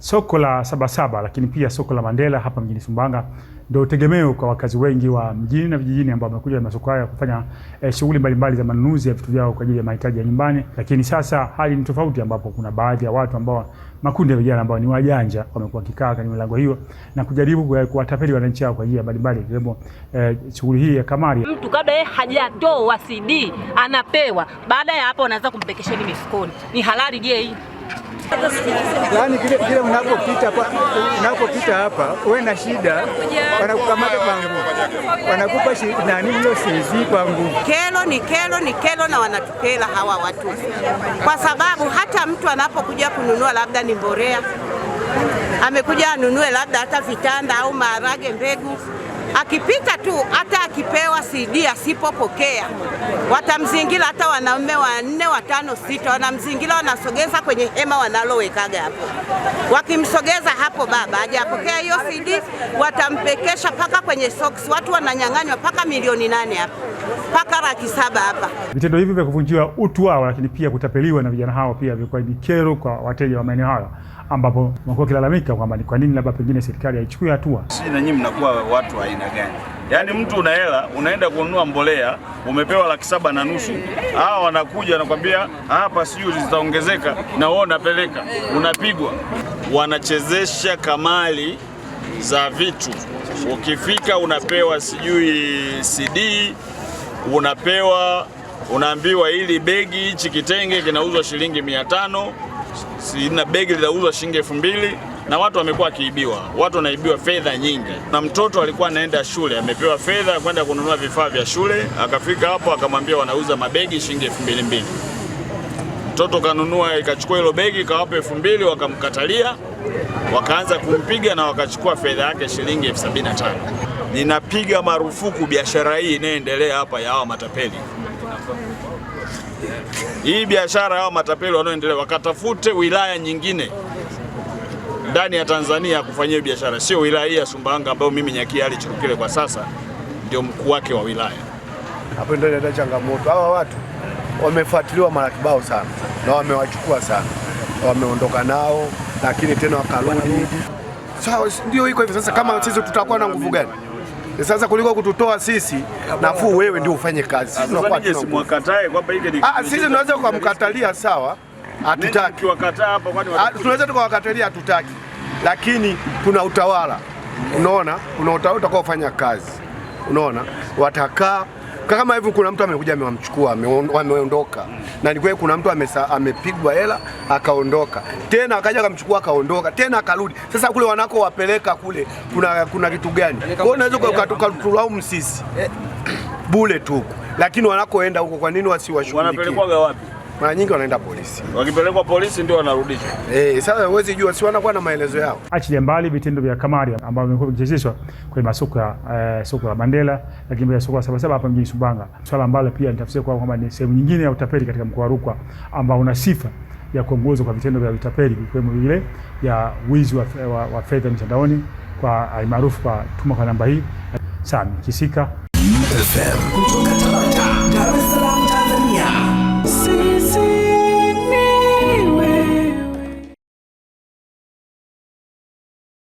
Soko la Sabasaba lakini pia soko la Mandela hapa mjini Sumbawanga ndio tegemeo kwa wakazi wengi wa mjini na vijijini ambao wamekuja masoko haya kufanya eh, shughuli mbalimbali za manunuzi ya vitu vyao kwa ajili ya mahitaji ya nyumbani. Lakini sasa hali ni tofauti, ambapo kuna baadhi ya watu ambao makundi ya vijana ambao ni wajanja wamekuwa kikaa kwenye milango hiyo na kujaribu kuwatapeli wananchi hao kwa ajili ya mbalimbali ikiwemo eh, shughuli hii ya kamari. Mtu kabla yeye hajatoa CD anapewa, baada ya hapo anaanza kumpekesheni mifukoni. Ni halali je hii? Yaani kile kile unapopita unapopita hapa uwe na shida, wanakukamata kwa nguvu, wanakupa nani hiyo sezi kwa nguvu. Kelo ni kelo ni kelo, na wanatukela hawa watu, kwa sababu hata mtu anapokuja kununua labda ni mborea, amekuja anunue labda hata vitanda au maharage mbegu akipita tu, hata akipewa CD asipopokea watamzingira, hata wanaume wanne watano sita wanamzingira, wanasogeza kwenye hema wanalowekaga hapo. Wakimsogeza hapo baba hajapokea hiyo CD, watampekesha mpaka kwenye socks. Watu wananyang'anywa mpaka milioni nane hapo mpaka laki saba hapa. Vitendo hivi vya kuvunjiwa utu wao, lakini pia kutapeliwa na vijana hao pia vimekuwa ni kero kwa wateja wa maeneo hayo, ambapo wamekuwa wakilalamika kwamba ni kwa nini labda pengine serikali haichukui hatua. Sisi na nyinyi mnakuwa watu aina aina gani? Yaani mtu una hela unaenda kununua mbolea umepewa laki saba na nusu, hawa wanakuja wanakwambia hapa sijui zitaongezeka, na wewe unapeleka unapigwa. Wanachezesha kamali za vitu, ukifika unapewa sijui CD, unapewa unaambiwa hili begi hichi kitenge kinauzwa shilingi mia tano, na begi linauzwa shilingi elfu mbili na watu wamekuwa wakiibiwa, watu wanaibiwa fedha nyingi. Na mtoto alikuwa anaenda shule, amepewa fedha kwenda kununua vifaa vya shule, akafika hapo akamwambia wanauza mabegi shilingi elfu mbili mbili. Mtoto kanunua, ikachukua hilo begi, kawapa elfu mbili, wakamkatalia, wakaanza kumpiga na wakachukua fedha yake shilingi elfu sabini na tano. Ninapiga marufuku biashara hii inayoendelea hapa ya hawa matapeli hii biashara yao matapeli wanaoendelea, wakatafute wilaya nyingine ndani ya Tanzania kufanyia biashara, sio wilaya hii ya Sumbawanga ambayo mimi Nyakia Ali kwa sasa ndio mkuu wake wa wilaya. Hapo ndio ndio changamoto. Hawa watu wamefuatiliwa mara kibao sana na wamewachukua sana, wameondoka nao, lakini tena wakarudi. Sawa, ndio iko hivi sasa. Kama sisi tutakuwa na nguvu gani? Sasa kuliko kututoa sisi nafuu, wewe ndio ufanye kazi. Ah, sisi tunaweza kumkatalia sawa hatutaki. Ah, tunaweza tukawakatalia, hatutaki, lakini kuna utawala, unaona, kuna utawala utakao fanya kazi, unaona, watakaa kama hivyo. Kuna mtu amekuja amewamchukua, ameondoka, na ni kweli kuna mtu amepigwa hela akaondoka, tena akaja akamchukua akaondoka tena akarudi. Sasa kule wanakowapeleka kule kuna, kuna kitu gani? Yaani kwa hiyo unaweza ukatulaumu sisi eh. bule tu, lakini wanakoenda huko, kwa nini wasiwashughulikie? Wanapelekwa wapi? mara nyingi wanaenda polisi, wakipelekwa polisi ndio wanarudishwa. Eh, sasa huwezi jua, si wanakuwa na maelezo yao. Achilia mbali vitendo vya kamari ambavyo vimekuwa vikichezeshwa kwenye masoko ya eh, soko la Mandela, lakini pia soko la Sabasaba hapa mjini Sumbawanga, swala ambalo pia nitafsiri kwa kwamba ni sehemu nyingine ya utapeli katika mkoa wa Rukwa ambao una sifa ya kuongozwa kwa vitendo vya utapeli vikiwemo vile ya wizi wa, wa, wa fedha mitandaoni kwa almaarufu eh, kwa tuma kwa namba hii. Eh, Sami Kisika FM kutoka